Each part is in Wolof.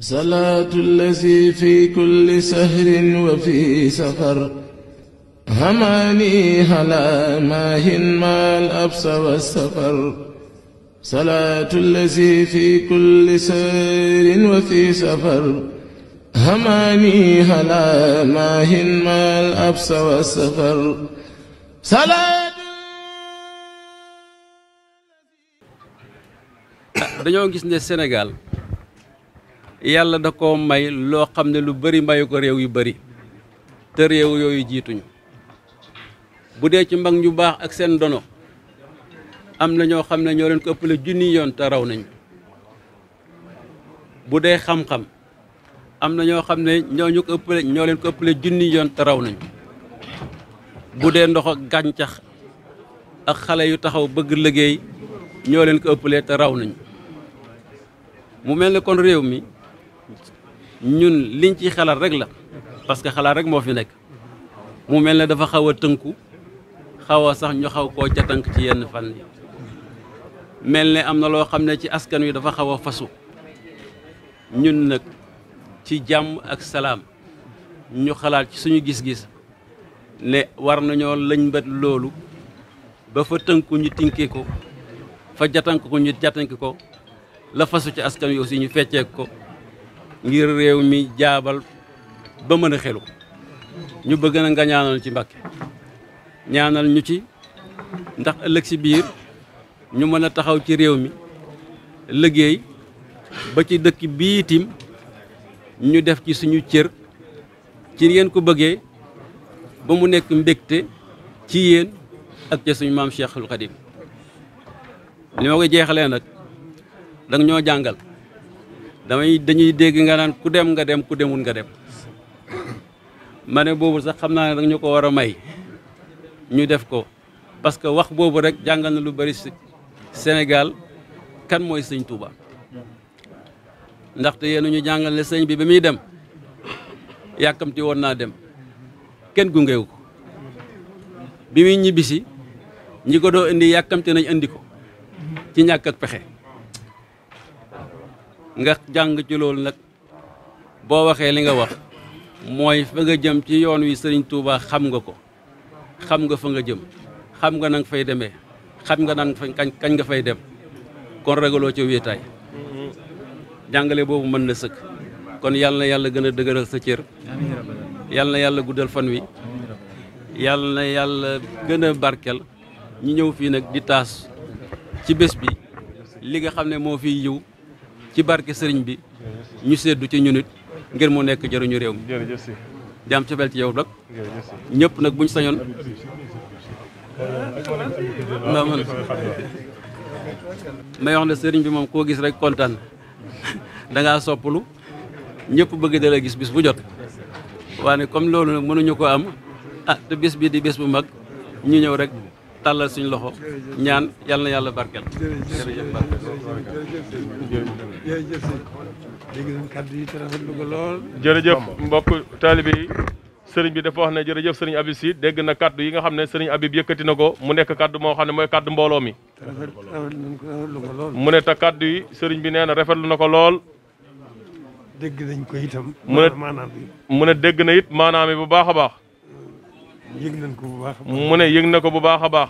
salaatu allazi fi kulli sahrin wa fi safar hamaani hala maahin maal absa wa safar salaatu allazi fi kulli sahrin wa fi safar hamaani hala maahin maal absa wa safar salaatu dañoo gis ne Sénégal yàlla da koo may loo xam ne lu bëri mbayu ko réew yu bëri te réew yooyu jiituñu bu dee ci mag ñu baax ak seen dono am na ñoo xam ne ñoo leen ko ëppale junni yoon te raw nañu bu dee xam-xam am na ñoo xam ne ñoo ñu ko ëppale ñoo leen ko junni yoon te raw nañu bu dee ndox ak gàncax ak xale yu taxaw bëgg liggéey ñoo leen ko ëppale te raw nañu mu mel ne kon réew mi ñun liñ ci xalaat rek la parce que xalaat rek moo fi nekk mu mel ne dafa xaw a tënku xaw a sax ñu xaw koo ca tënk ci yenn fan yi mel ne am na loo xam ne ci askan wi dafa xaw a fasu ñun nag ci jàmm ak salaam ñu xalaat ci suñu gis-gis ne war nañoo lëñbët loolu ba fa tënku ñu tinki ko fa jatank ko ñu jatank ko la fasu ci askan wi aussi ñu fecceek ko ngir réew mi jaabal ba mën a xelu ñu bëgg na nga ñaanal ci Mbàkke ñaanal ñu ci ndax ëllëg si biir ñu mën a taxaw ci réew mi liggéey ba ci dëkk bii tim ñu def ci suñu cër ci ngeen ko bëggee ba mu nekk mbégte ci yéen ak ca suñu maam Cheikhul Khadim li ma ko jeexalee nag danga ñoo jàngal damay dañuy dégg nga naan ku dem nga dem ku demul nga dem ma ne boobu sax xam naa ne dañu ko war a may ñu def ko parce que wax boobu rek jàngal na lu bari si Sénégal kan mooy sëñ Touba ndaxte yéen ñu jàngal ne sëñ bi ba muy dem yàkkamti woon naa dem kenn gungewu ko bi muy ñibbisi ñi ko doo indi yàkkamti nañ indi ko ci ñàkk ak pexe. nga jàng ci loolu nag boo waxee li nga wax mooy fa nga jëm ci yoon wi sëriñ tuubaa xam nga ko xam nga fa nga jëm xam nga nag fay demee xam nga nang fa kañ kañ nga fay dem kon ragaloo ca wéetaay jàngale boobu mën na sëkk kon yàlla na yàlla gën a dëgëral sa cër yàlla na yàlla guddal fan wi yàlla na yàlla gën a barkel ñu ñëw fii nag di taas ci bés bi li nga xam ne moo fiy yiw ci barke sëriñ bi ñu seddu ci ñun it ngir mu nekk jaruñu réew mi jaam cofeel ci yow nag ñëpp nag buñ sañoon ndax man may wax ne sëriñ bi moom koo gis rek kontaan dangaa soppalu ñëpp bëgg dala gis bis bu jot waane comme loolu nag mënuñu ko am ah te bis bi di bis bu mag ñu ñëw rek tàllal suñ loxo ñaan yal yàlla barkeel. jërëjëf jërëjëf dégg nañ kàddu yi te rafetlu mbokk taalibe yi sëriñ bi dafa wax ne jërëjëf sëriñ Habib Sy dégg na kàddu yi nga xam ne sëriñ Habib yëkkati na ko mu nekk kàddu moo xam ne mooy kàddu mbooloo mi. mu ne te kàddu yi sëriñ bi nee na rafetlu na ko lool. dégg nañ ko itam. mu ne maanaam bi mu ne dégg na it maanaam bu baax a baax. yëg nañ ko bu baax mu ne yëg na ko bu baax a baax.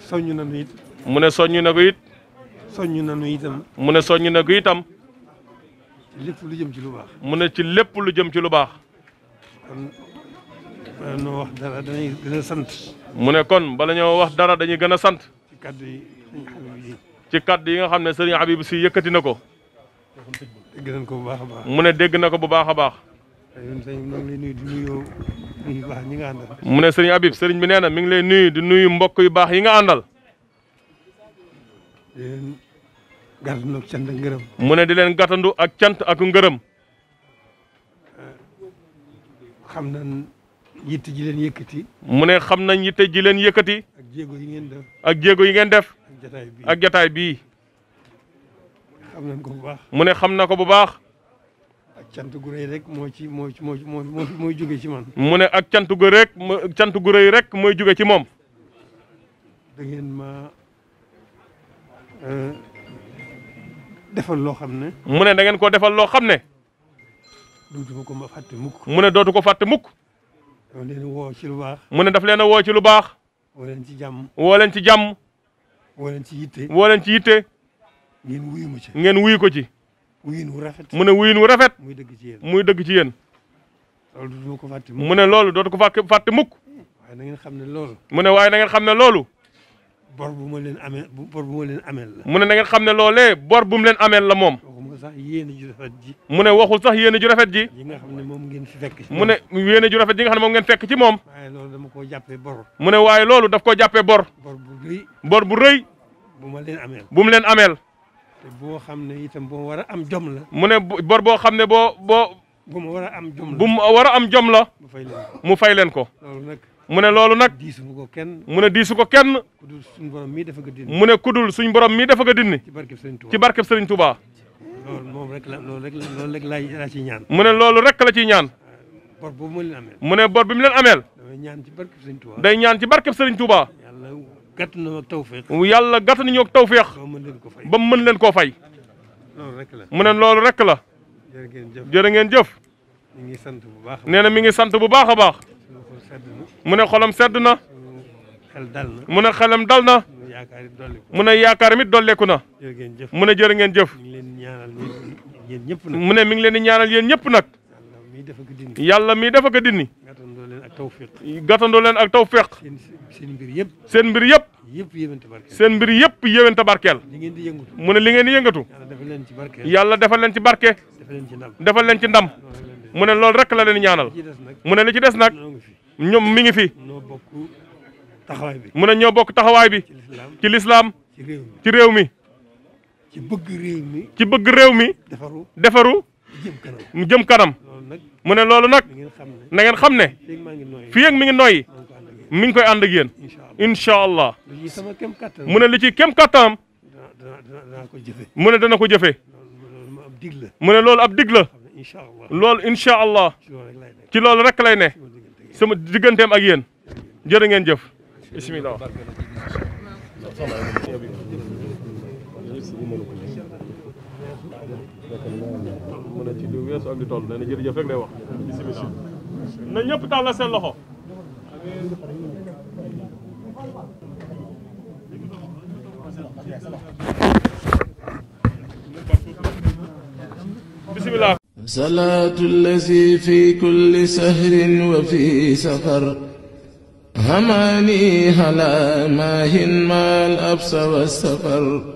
soññ na nu it. mu ne soññ na ko it. soññ na nu mu ne soññ na ko itam. ci lépp lu jëm ci lu baax. mu ne ci lépp lu jëm ci lu baax. kon bala ñoo wax dara sant. mu ne kon bala wax dara dañuy gën a sant. ci kaddu yi ci yi nga xam ne sëriñ Habib si yëkkati na ko. dégg nañ ko bu baax a baax. mu ne dégg na ko bu baax a baax. mu ne sëriñ Habib sëriñ bi nee na mi ngi lay nuyu di nuyu mbokk yu baax yi nga àndal. di leen gàttandu ak cant ak ngërëm. mu ne di leen gàttandu ak cant ak ngërëm. xam nañ yitte ji leen yëkkati. mu ne xam nañ yitte ji leen yëkkati. ak jéego yi ngeen def. ak jéego yi ngeen def. ak jataay bii ak jataay bii. xam nañ ko bu baax. mu ne xam na ko bu baax. cant gu rëy rek moo ci moo ci moo moo mooy jóge ci man. mu ne ak cant gu rek cant gu rëy rek mooy jóge ci moom. dangeen ngeen ma euh, defal loo xam ne. mu ne da ngeen ko defal loo xam ne. dootuma ko ma fàtte mukk. mu ne dootu ko fàtte mukk. dama leen woo ci lu daf leen a woo ci lu baax. woo leen ci jàmm. woo leen ci jàmm. woo leen ci yitte. woo leen ci yitte. ngeen wuyu ngeen wuyu ko ci. wuyin wu rafet mu ne wuyin wu rafet. muy dëgg ci muy dëgg ci yéen. loolu mu ne loolu dootu ko fàtte mukk. na ngeen xam ne loolu. mu ne waaye na ngeen xam ne loolu. bor bu ma leen amee bu ma leen ameel mu ne na ngeen xam ne loolee bor bu mu leen ameel la moom. waxul sax yéene ju rafet ji. mu ne waxul sax yéene ju rafet ji. yi nga xam ne moom ngeen fi fekk mu ne yéene ju rafet ji nga xam ne fekk ci moom. waaye loolu dama koo jàppee bor. mu ne waaye loolu daf ko jàppee bor. bor bu rëy. bu rëy. bu ma leen ameel bu mu leen ameel. boo xam ne itam boo war a am jom la. mu ne bor boo xam ne boo boo. bu mu am jom bu mu war am jom la. mu fay leen ko mu fay leen ko. loolu mu ne loolu nag. diisu ko kenn. mu ne diisu ko kenn. ku dul suñ borom mii dafa mu ne ku dul suñ borom mi dafa ko dindi. ci barkeb Serigne Touba ci barkeb Serigne Touba. loolu moom loolu rek la loolu rek ñaan. mu ne loolu rek la ci ñaan. bor boobu mu leen mu ne bor bi mu leen ameel. day ñaan ci barkeb Serigne Touba. day ñaan gàtt nañoo ak tawféex. yàlla gàtt nañoo ak tawféex. ba mën leen ko fay ba koo fay. loolu rek la mu ne loolu rek la. jërë ngeen jëf jërë ngeen jëf. mi ngi sant bu baax nee na mi ngi sant bu baax a baax. mu ne xolam sedd na. xel dal na mu ne xelam dal na. mu ne yaakaar mit dolleeku na. mu ne jërë ngeen jëf. mu ne mi ngi leen di ñaanal yéen ñëpp nag. yàlla mi dafa ko dindi. tawféq gàttandoo leen ak tawféq. seen mbir yëpp. seen mbir yëpp. yëpp yéwante barkeel seen mbir yëpp yéwante barkeel. li ngeen yëngatu. mu ne li ngeen di yëngatu. defal leen ci barke. yàlla defal leen ci barke. defal leen ci ndam defal leen ci ndam. mu ne loolu rek la leen ñaanal. mu ne li ci des nag. ñoom mi ngi fi. ñoo bokk taxawaay bi. mu ne ñoo bokk taxawaay bi. ci lislaam ci réew mi ci bëgg réew mi. ci defaru. mu jëm kanam. mu ne loolu nag na ngeen xam ne fii ak mi ngi noyyi mi ngi koy ànd ak yéen incha allah mu ne li ci kem kàttanam mu ne dana ko jëfe mu ne loolu ab dig la loolu incha allah ci loolu rek lay ne sama digganteem ak yéen jërë ngeen jëf bismillah na ci lu weesu ak di toll nee na jërëjëf rek lay wax bisimilah na ñëpp tàllal seen loxo bisimilah salaatu allazi fi kulli sahrin wa fi safar هماني هلا ماهن ما الأبس والسفر